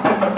Thank you.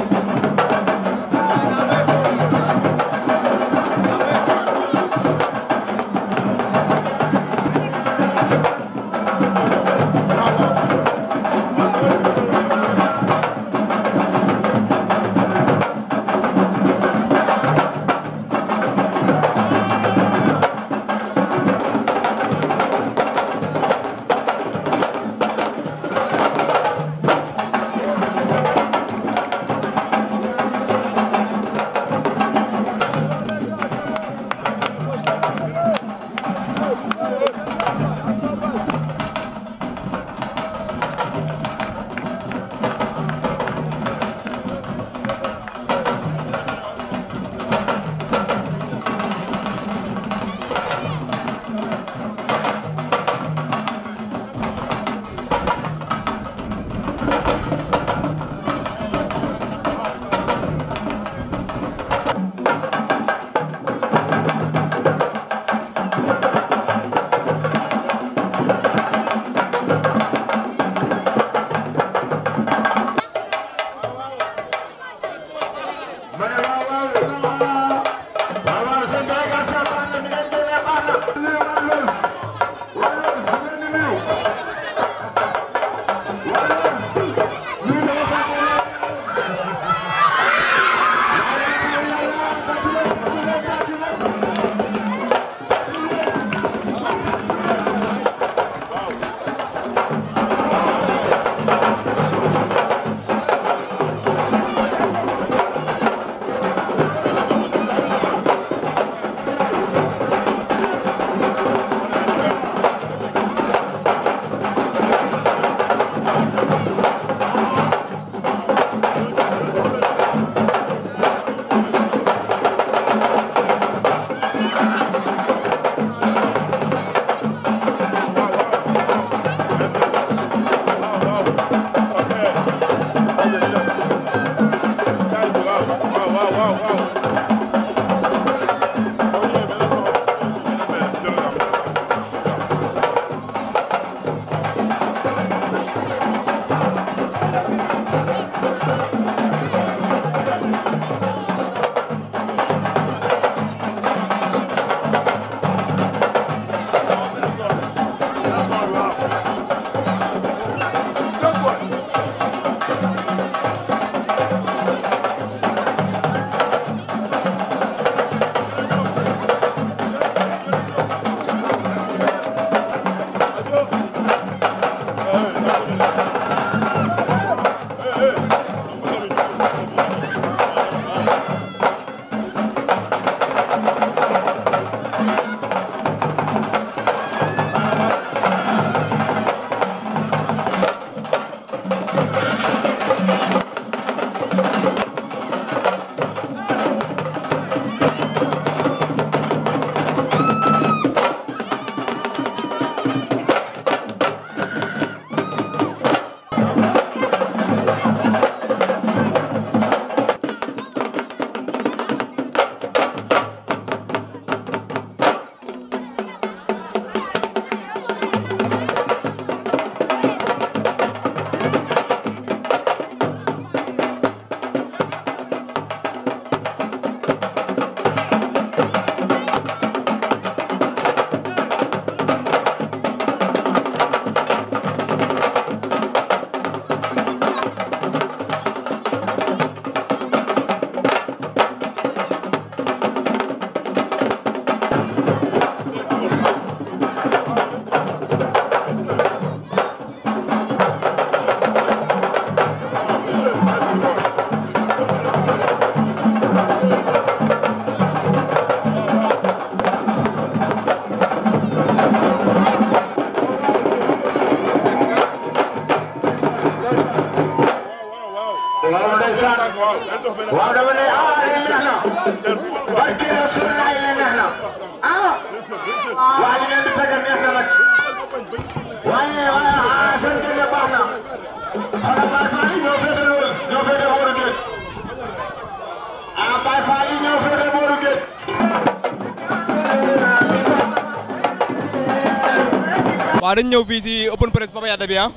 ñëw fii si open press Papa Yade bi ah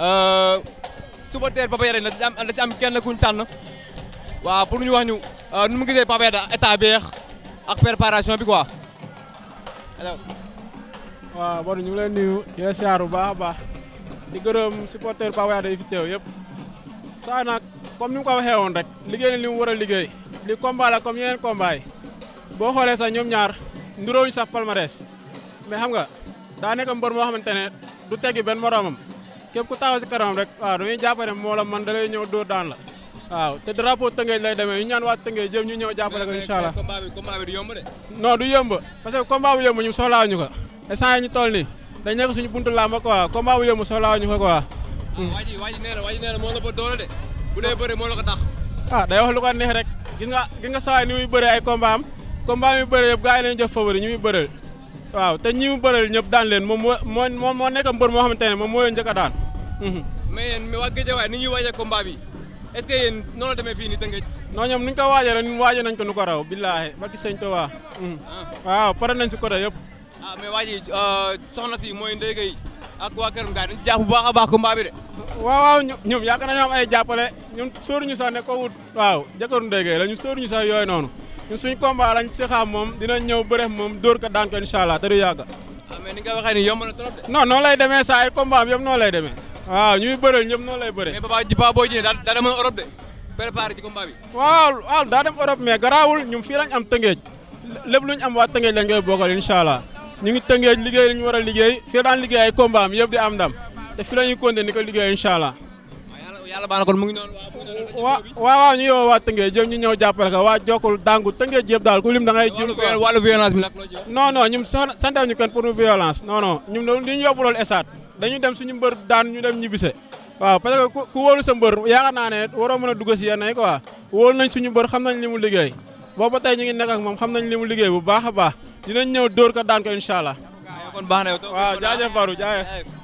euh, supporter Papa Yade da si am kenn kuñ tànn waaw pour ñu wax ñu euh, nu mu gisee Papa Yade état bi ak préparation bi quoi alors. waaw bon ñu ngi leen nuyu di la siyaar bu baax a baax di gërëm supporter Papa Yade yi fi teew yëpp saa nag comme ni mu ko waxee woon rek liggéey na li mu war a liggéey li combat la comme yeneen combat yi boo xoolee sax ñoom ñaar nduróowuñu sax palmarès mais xam nga da nek mbër mo xamantene du teggi ben moromam kep ku taxaw ci karam rek wa dañuy jappale mo la man da lay ñëw dóor daan la wa te drapeau Tëngéej lay demee ñu ñaan waa Tëngéej jëm ñu ñew jappale ko inshallah combat bi combat bi du yomb de non du yomb parce que combat bu yomb ñu soxla wuñu ko essay ñu toll ni dañ nek suñu buntu làmb wa combat bu yomb soxla wuñu ko quoi ah, waa waji waa ji nee na waa la ba doole de bu dé bëre mo la ko tax ah day wax lu ko neex rek gis nga gis nga saay ni muy bëre ay combat am combat mi bëre yëpp gaay lañu jox favori ñu muy bëreel waaw te ñi mu bëreel ñëpp daan leen moom moo moo moo nekk mbër moo xamante ne moom moo leen njëkk a daan. Mhm. mais yéen waa Guédiawaye ni ñuy waajee combat bi est-ce que yéen noonu demee fii nii Tëngéej. noo ñoom ni ñu ko waajee rek ñun waajee nañ ko nu ko raw billaahi barki sëñ Tuubaa. Mhm. Ah. waaw pare nañ si côté yëpp. ah mais waa ji euh, soxna si mooy Ndeye Gueye ak waa Kër Ngaye si jàpp bu baax a baax waaw waaw ñoom yaakaar nañoo am ay jàppale ñun sóoruñu sax ne ko wut. waaw jëkkëru Ndeye Gueye la ñu sóoruñu sax yooyu noonu ñun suñu combat lañ si xaar moom dina ñëw bëreex moom dóor ko daan ko incha allah te du ah, lay demee saa ay combat am yëpp noonu lay demee. waaw ñuy bëreel ñëpp noonu lay bëree. mais Papa ji Papa Boy waaw waaw daa Europe mais garaawul ñun fii am tëngeej lépp luñ am waa tëngeej lañ koy bokkal incha ñu ngi tëngeej liggéey li ñu war a liggéey fii daan liggéey ay combat am yëpp di am ndam te fii la ni ko liggéey incha Yàlla kon mu ngi noonu wa wa ñu yow wa Tëngéej jëm ñu ñëw jàppale ko waa Jokul Dangu Tëngéej yëpp daal ku lim da ngay jëm wàllu violence bi nag loo jëm non non ñum santaw ñu kenn pour violence non non ñum li ñu yóbbu loolu esaat dañu dem suñu mbër daan ñu dem ñibbise waaw parce que ku wóolu sa mbër yaakaar naa ne waroo mën a dugg si yenn yi quoi wóolu nañ suñu mbër xam nañ li mu liggéey booba tey ñu ngi nekk ak moom xam nañ li liggéey bu baax baax dinañ ñëw dóor ko daan ko incha allah waaw jaajëf Barou jaajëf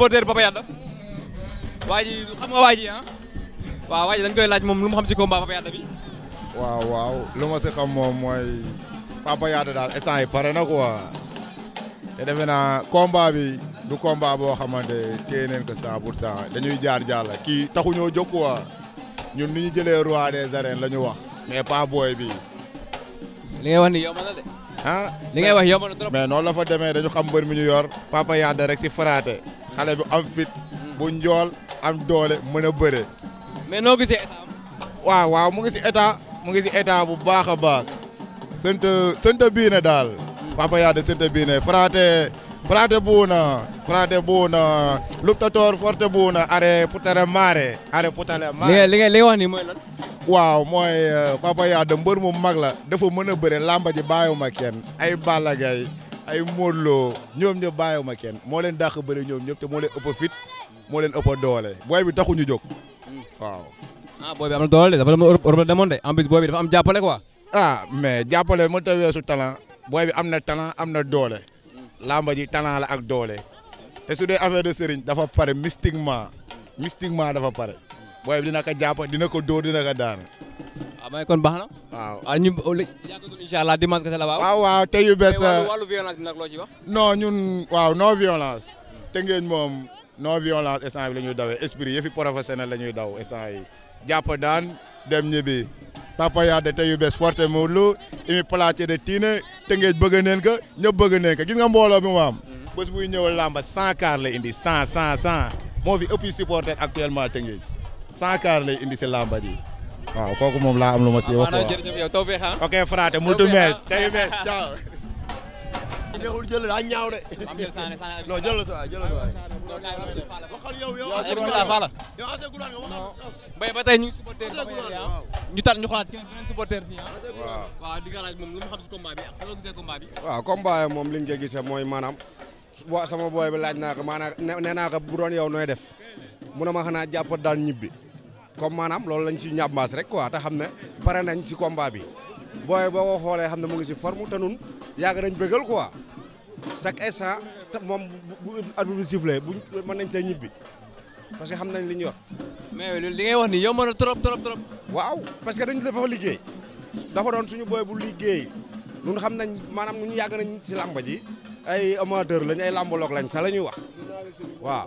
supporter Papa Yada waa ji xam nga waa ah? waaw waa ji dañ koy laaj moom lu mu xam ci combat Papa Yada bi. waaw waaw lu ma si xam moom mooy Papa Yada daal instant yi pare na quoi te defe naa bi du combat boo xamante téye neen ko 100 pour dañuy jaar jàll kii taxuñoo jóg quoi ñun ni ñu jëlee roi des arènes la wax mais pas booy bi. li nga wax ma na ah li ngay wax yomb na trop noonu la fa demee dañu xam mbër mi ñu yor papa yadda rek si faraate xale bi am fit bu am doole mën a bëre mais noo gisee waaw waaw mu ngi si état mu ngi si état bu baax a baax sënt sënt bii ne daal papa yadda sënt bii ne faraate frate buuna frate buuna luptator forte buuna are putare mare are putale mare li nga li wax ni mooy lan waaw mooy euh, Papa Yade mbër mu mag la dafa mën a bëre làmba ji bàyyiwuma kenn ay Balla ay Modou Lo ñoom ñëpp bàyyiwuma kenn moo leen dàq bëre ñoom ñëpp te moo leen ëpp fit moo leen ëpp doole booy bi taxuñu jóg waaw. ah booy bi am na doole dafa doon Europe Europe la demoon de en plus booy bi dafa am jàppale ko ah mais jàppale bi mënut a weesu talent booy bi am na talent am na doole làmba ji talent la ak doole te su dee affaire de sëriñ dafa pare mystiquement mystiquement dafa pare. booy dina ko jàpp dina ko dóor dina ko daan. waaw ah, kon baax na. waaw ah, ñu yàggagum incha allah dimanche kese la waaw. waaw waaw tey yu bees. wàllu euh, nag loo ci wax. non ñun waaw non violence. te ngeen moom non violence instant bi la ñuy dawee esprit yëfi professionnel la ñuy daw instant yi jàpp daan dem ñibbi. Papa yaa de tey yu bees forte Modou Lo imi platé de tiine te ngeen bëgg neen ko ñëpp bëgg neen ko gis nga mbooloo bi mu am. Mm-hmm. bés buy ñëwal làmba cent car la indi cent cent cent moo fi ëpp supporter actuellement te ngeen. cent car lay indi si ba ji waaw kooku moom laa am lu ma si wax waaw jërëjëf yow taw feex ah? ok frate multu ah? mees tey mees jël daa ñaaw de jël la sa jël la waay waxal yow yow bismillah fala yow ase gulan nga mbay ba tey ñu supporter ah? ñu tal waaw di nga moom lu mu gisee combat bi waaw combat moom liñ ko mooy maanaam sama booy bi laaj naa ko maanaam nee naa bu doon yow nooy def mun ne ma xanaa jàpp daal ñibbi comme maanaam loolu lañ ci ñàmbaas rek quoi te xam ne pare nañ si combat bi booy boo ko xoolee xam ne mu ngi ci forme te nun yàgg nañ bëggal quoi chaque instant te moom bu arbitre bi bu mën nañ see ñibbi parce que xam nañ li ñu yor. mais loolu li ngay wax ni yomb na trop trop trop. waaw parce que dañ dafa liggéey dafa doon suñu booy bu liggéey ñun xam nañ maanaam ñu yàgg nañ ci làmba ji ay amateur lañ ay làmbaloog lañ sax la ñuy wax. Wah,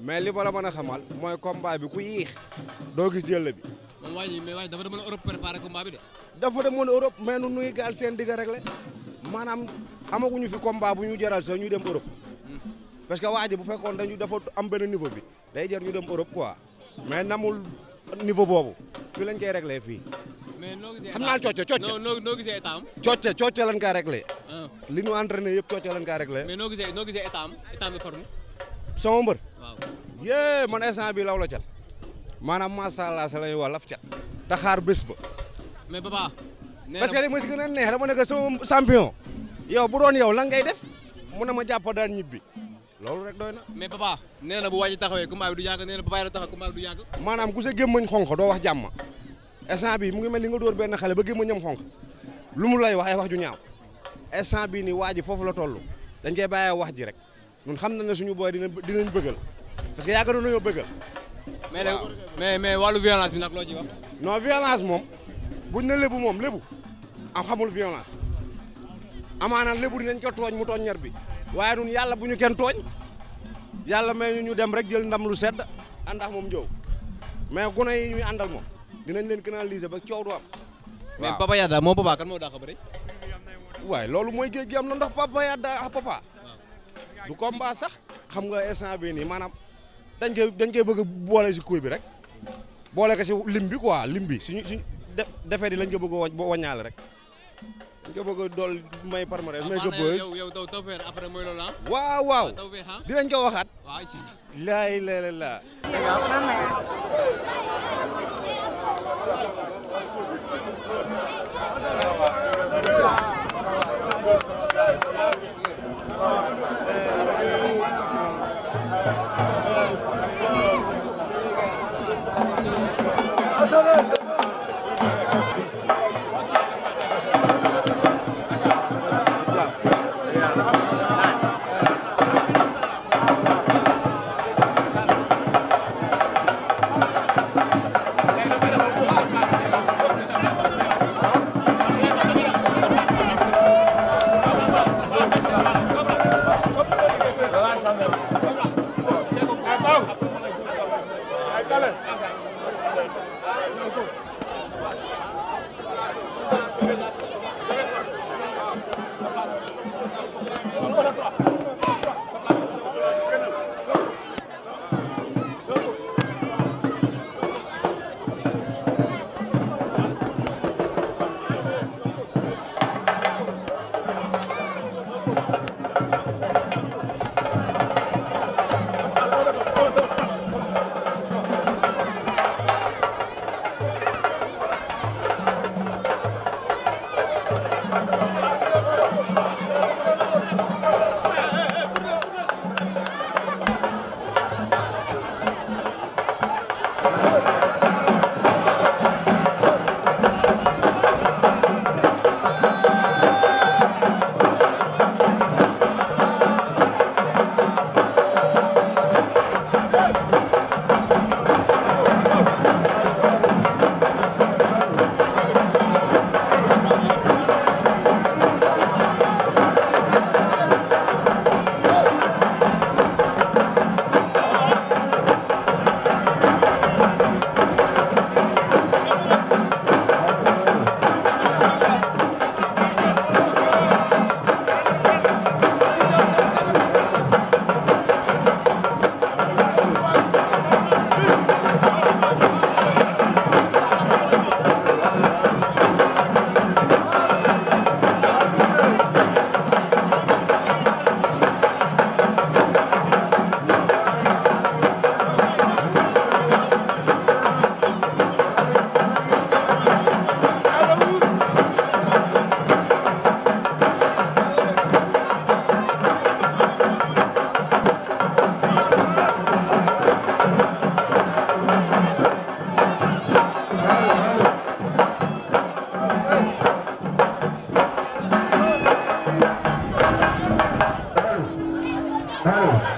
mais li ma la mën xamal mooy combat bi ku yéex doo gis jël bi. moom waa mais waaye dafa demoon Europe préparer combat bi de. dafa demoon Europe mais nu nuy gaal seen digg rek la maanaam amaguñu fi combat bu ñu jaral sax ñu dem Europe. parce que waa bu fekkoon dañu dafa am benn niveau bi day jar ñu dem Europe quoi mais namul niveau boobu fi lañ koy réglé fii. mais noo gisee xam naa cocc cocc. non lañ ah. li ñu lañ mais forme sama ye waaw man instant bi law la cat maanaam macha allah sa la laf xaar bes ba. mais Papa. parce que li ma si gën neex dama nek sama champion. yow bu doon yow la ngay def mu na ma jappo daan ñibbi lolu rek doyna mais Papa neena bu waji taxawé combat du yàgg neena na Papa taxaw combat du yàgg. manam ku sa gémmañ xonq do wax jàmm instant bi mu ngi melni ni nga door ben xalé ba ñam xonq lu mu lay wax ay wax ju ñaaw instant bi ni waji fofu la tollu dañ koy baye wax ji rek. ñun xam nañ ne suñu booy dinañ dinañ bëggal parce que yaakaaroon nañoo bëggal. mais mais mais wàllu violence bi nag loo ci wax. non violence moom buñ ne lébu moom lébu am xamul violence amaana lébu dinañ ko tooñ mu tooñ ñar bi waaye ñun yàlla bu ñu kenn tooñ yàlla may ñu dem rek jël ndam lu sedd àndax moom jow mais gune yi ñuy àndal moom dinañ leen canaliser ba coow du am. mais Papa Yada moom Papa kan moo dàq a bëri. waaye loolu mooy géej gi am na Papa Yada ah Papa. du combat sax xam nga instant bii nii maanaam dañ koy dañ koy bëgg boole si kuy bi rek boole ko si lim bi quoi lim bi suñu suñ defee di lañ ko bëgg a wañaale rek dañ ko bëgg a dool may palmarès may ko bës yow taw tawfeex après mooy loolu ah? waaw waaw ah? dinañ ko waxaat laay la la la Claro. Tá?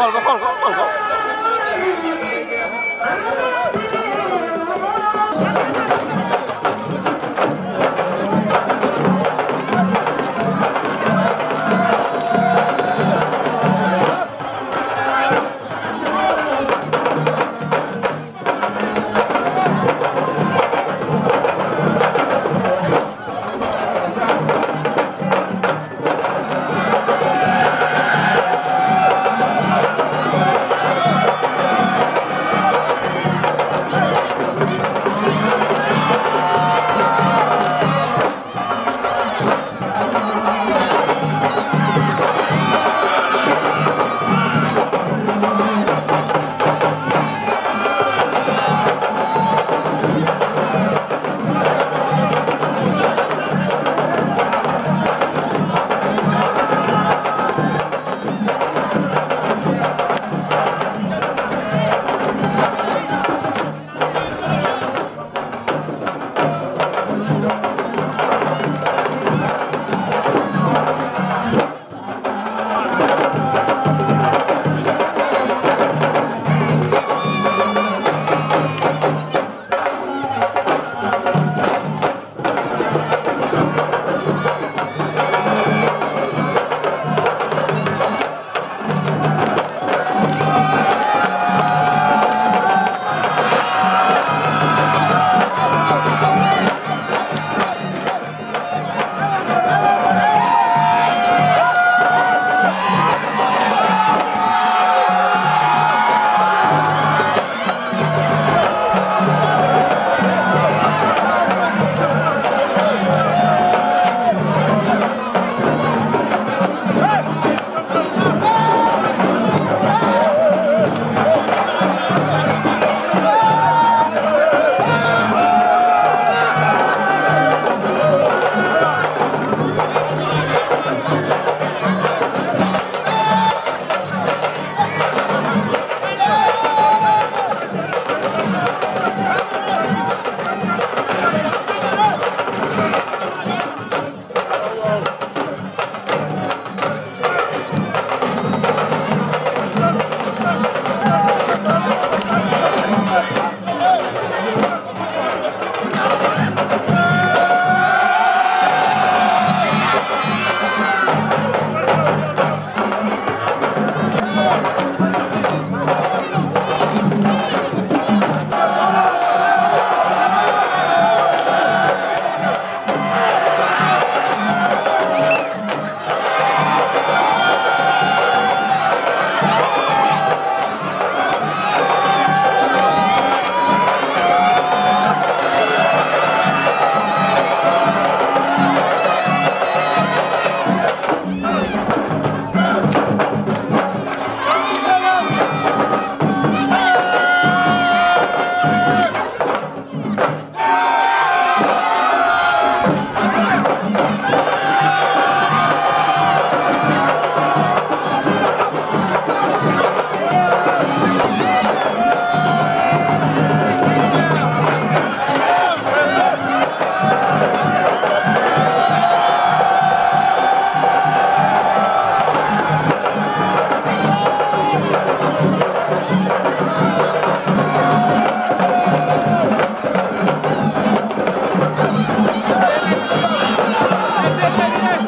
放了他放了他了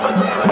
Thank you.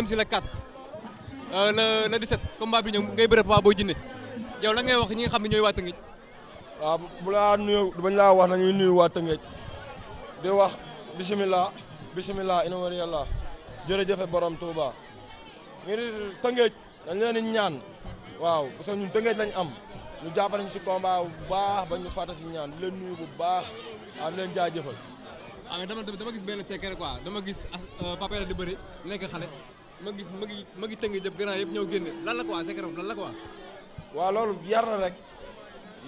jëm si le 4 euh, le bi ñëw ngay bëre Papa Boy Djiné yow lan wax ñi xam ne ñooy waa Tëngéej. waaw bu laa wax nañuy nuyu waa Tëngéej wax bisimilah bisimilah inna wari yàlla jërëjëfe borom Touba ngir Tëngéej dañ leen di ñaan waaw am ñu jàppale si combat bu ba ñu si ñaan di leen nuyu bu baax waaw ah, di leen jaajëfal. waaw ah, dama gis benn secret quoi dama gis euh, Papa Yada di bëri nekk xale. ma gis ma ngi ma ngi tëng jëb grand yëpp ñëw génne lan la quoi secret lan la quoi waaw loolu yar la rek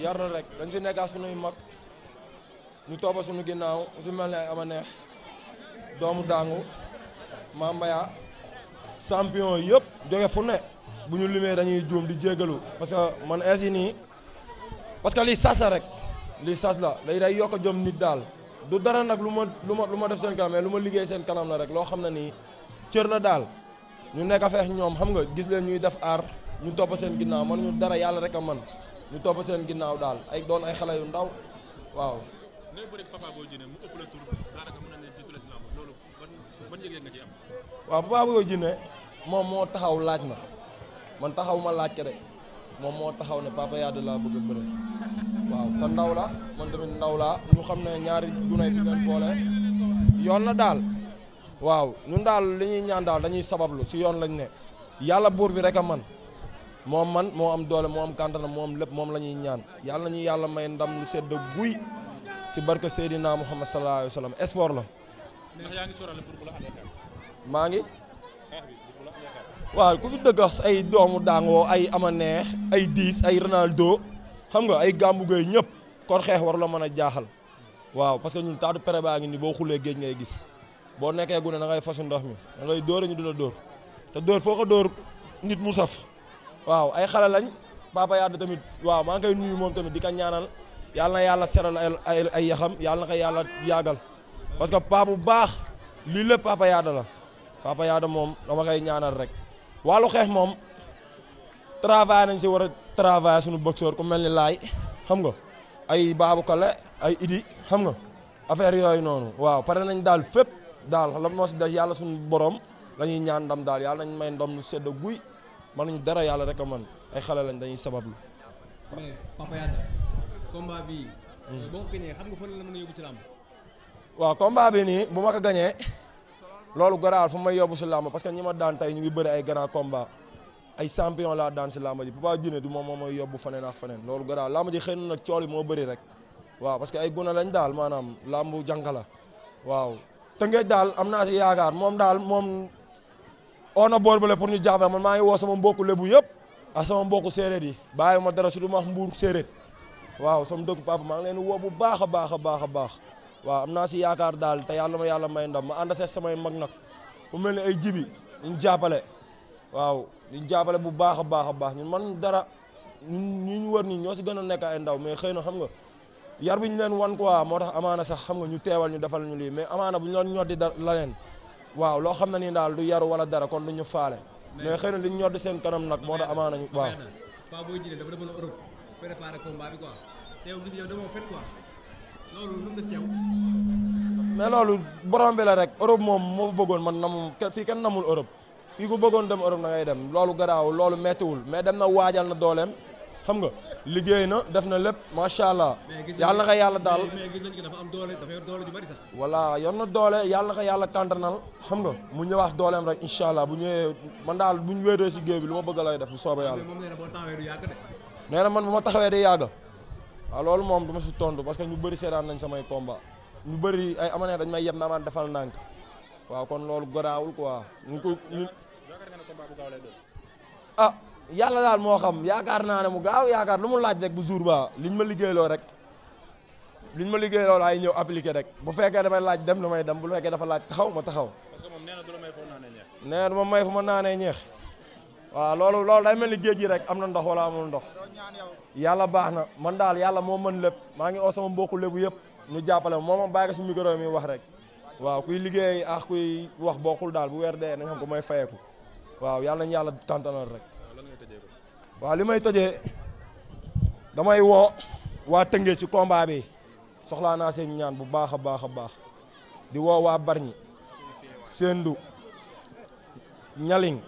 yar la rek dañ fi nekkaa sunuy mag ñu tooba sunu ginnaaw su mel ne ama neex doomu champion yëpp jóge fu ne bu ñu limee dañuy juum di jégalu parce que man ainsi nii parce que lii sas la rek lii sas la day day yokk jom nit daal du dara nag lu ma lu ma lu ma def seen kanam mais lu ma liggéey seen kanam la rek loo xam ne nii cër la daal ñu nekk feex ñoom xam nga gis leen ñuy def aar ñu topp seen ginnaaw man ñu dara yàlla rek a man ñu topp seen ginnaaw daal ay doon ay xale yu ndaw waaw. ngay bëri papa boo jëne si loolu ban ban yëg ci am. waaw papa boo moom moo taxaw laaj na man taxaw ma laaj rek moom moo taxaw ne papa Yade laa bëgg a bëre waaw te ndaw la man tamit ndaw laa ñu xam ne ñaari junay bi boole yoon na daal. waaw ñun daal li ñuy ñaan daal dañuy sabablu si yoon lañ ne yàlla buur bi rek a man moo man moo am doole moo am kàntana moo am lépp moom la ñuy ñaan yàlla nañu yàlla may ndam lu sedd guy si barke Seydina Muhammad sallallahu alayhi wa sallam espoir la. ndax yaa ngi pour bu la maa ngi. waaw ku fi dëgg wax ay doomu daangoo ay ama neex ay diis ay Ronaldo xam nga ay gàmbu gay ñëpp kon xeex war la mën a jaaxal waaw parce que ñun taatu pere baa ngi ni boo xulee géej ngay gis. boo nekkee gune da ngay fasu ndox mi da ngay ñu du la dóor te dóor foo ko dóor nit mu saf waaw ay xale lañ papa Yade tamit waaw maa ngi koy nuyu moom tamit di ko ñaanal yàlla na yàlla seral ay ay yaxam yàlla na ko yàlla yàggal parce que paa bu baax lii lépp papa Yade la papa Yade moom dama koy ñaanal rek wàllu xeex moom travail nañ si war a travail suñu boxeur ku mel ni laay xam nga ay baabu kale ay idi xam nga affaire yooyu noonu waaw pare nañ daal fépp. daal lam moo si def yàlla suñu borom la ñuy ñaan ndam daal yàlla nañ may ndam lu sedd guy mënuñu dara yàlla rek a mën ay xale lañ dañuy sabablu. bi. Hmm. xam nga la mën a yóbbu ci làmb. waaw bu ma ko gañee loolu garaal fu may yóbbu si làmb parce que ñi ma daan ñu ngi bëri ay grand combat ay champion laa daan si làmb ji Papa Djiné du moom moo may yóbbu faneen ak faneen loolu garaal làmb ji xëy na nag cool yi moo bëri rek waaw parce que ay guna lañ daal maanaam làmb jànka waaw Tëngéej daal am naa si yaakaar moom daal moom on a borbale pour ñu jàppale man maa ngi woo sama mbokku lebu yëpp ak sama mbokku séeréer yi bàyyi ma dara su du ma wax mbuur séeréer waaw sama dëkk papa maa ngi leen woo bu baax a baax a baax a baax waaw naa si yaakaar daal te yàlla ma yàlla may ma ànd seeg samay mag nag mu mel ne ay jibi ñu waaw ñu jàppale bu baax a baax a baax ñun man dara ñun ñu wër nii ñoo si gën a nekk ay ndaw mais xëy na xam nga. yar bu ñu leen wan quoi moo tax amaana sax xam nga ñu teewal ñu defal ñu lii mais amaana bu ñu doon ñoddi da la leen waaw loo xam ne nii daal du yaru wala dara kon du ñu faale. mais xëy na li ñu ñoddi seen kanam nag moo tax amaana ñu waaw. Paa Boy Djiné dafa demoon Europe préparer combat bi quoi teew gis yow demoo loolu lu mu mais loolu borom rek Europe moom moo bëggoon man namu fii kenn namul Europe fii ku bëggoon dem Europe na dem loolu garaawul loolu méttiwul mais dem na waajal na dooleem. xam nga liggéey na def na lépp macha allah. yàlla na ko yàlla daal mais gis nañ ko dafa am doole dafa doole bari sax. voilà yor na doole yàlla na ko yàlla kàntanal xam nga mu ñëwaat dooleem rek incha allah bu ñëwee man daal bu ñu wéetee si géew bi lu ma bëgg lay def bu soobee yàlla. nee na man bu ma taxawee du yàgg. waaw loolu moom du ma si tontu parce que ñu bëri seetaan nañ samay combat ñu bëri ay ama ne dañ may yeb na amaan defal nànk waaw kon loolu garaawul quoi ñu ko ñu ah yàlla daal moo xam yaakaar naa ne mu gaaw yaakaar lu mu laaj rek bu jour ba liñ ma liggéeyloo rek liñ ma liggéeyloo laay ñëw appliqué rek bu fekkee damay laaj dem may dem bu fekkee dafa laaj taxaw ma taxaw. parce que moom nee na du la may fu ma naanee ñeex. nee na du may fu ma naanee ñeex. waaw loolu loolu day mel ni géej gi rek am na ndox wala amul ndox. yàlla baax na man daal yàlla moo mën lépp maa ngi oo sama mbokku lébu yëpp ñu jàppale moom ma bàyyi ko si micro mi wax rek. waaw kuy liggéey ak kuy wax bokkul daal bu weer dee nañ xam ko mooy fayeeku waaw yàlla nañu yàlla tantanal rek wa limay toje damay wo wa tengé ci combat bi soxla na seen ñaan bu baaxa baaxa baax di wo wa Bargny sendu Ñaling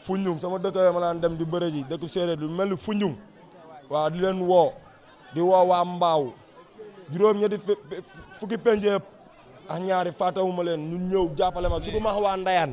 fuñum sama dëkk ma lan dem di bëre ji dëkk séré du mel fuñum wa di len wo di wo wa Mbaaw ñi di fukki penc ak ñaari fàttewuma len ñu ñew jàppale ma suñu ma waa ndayan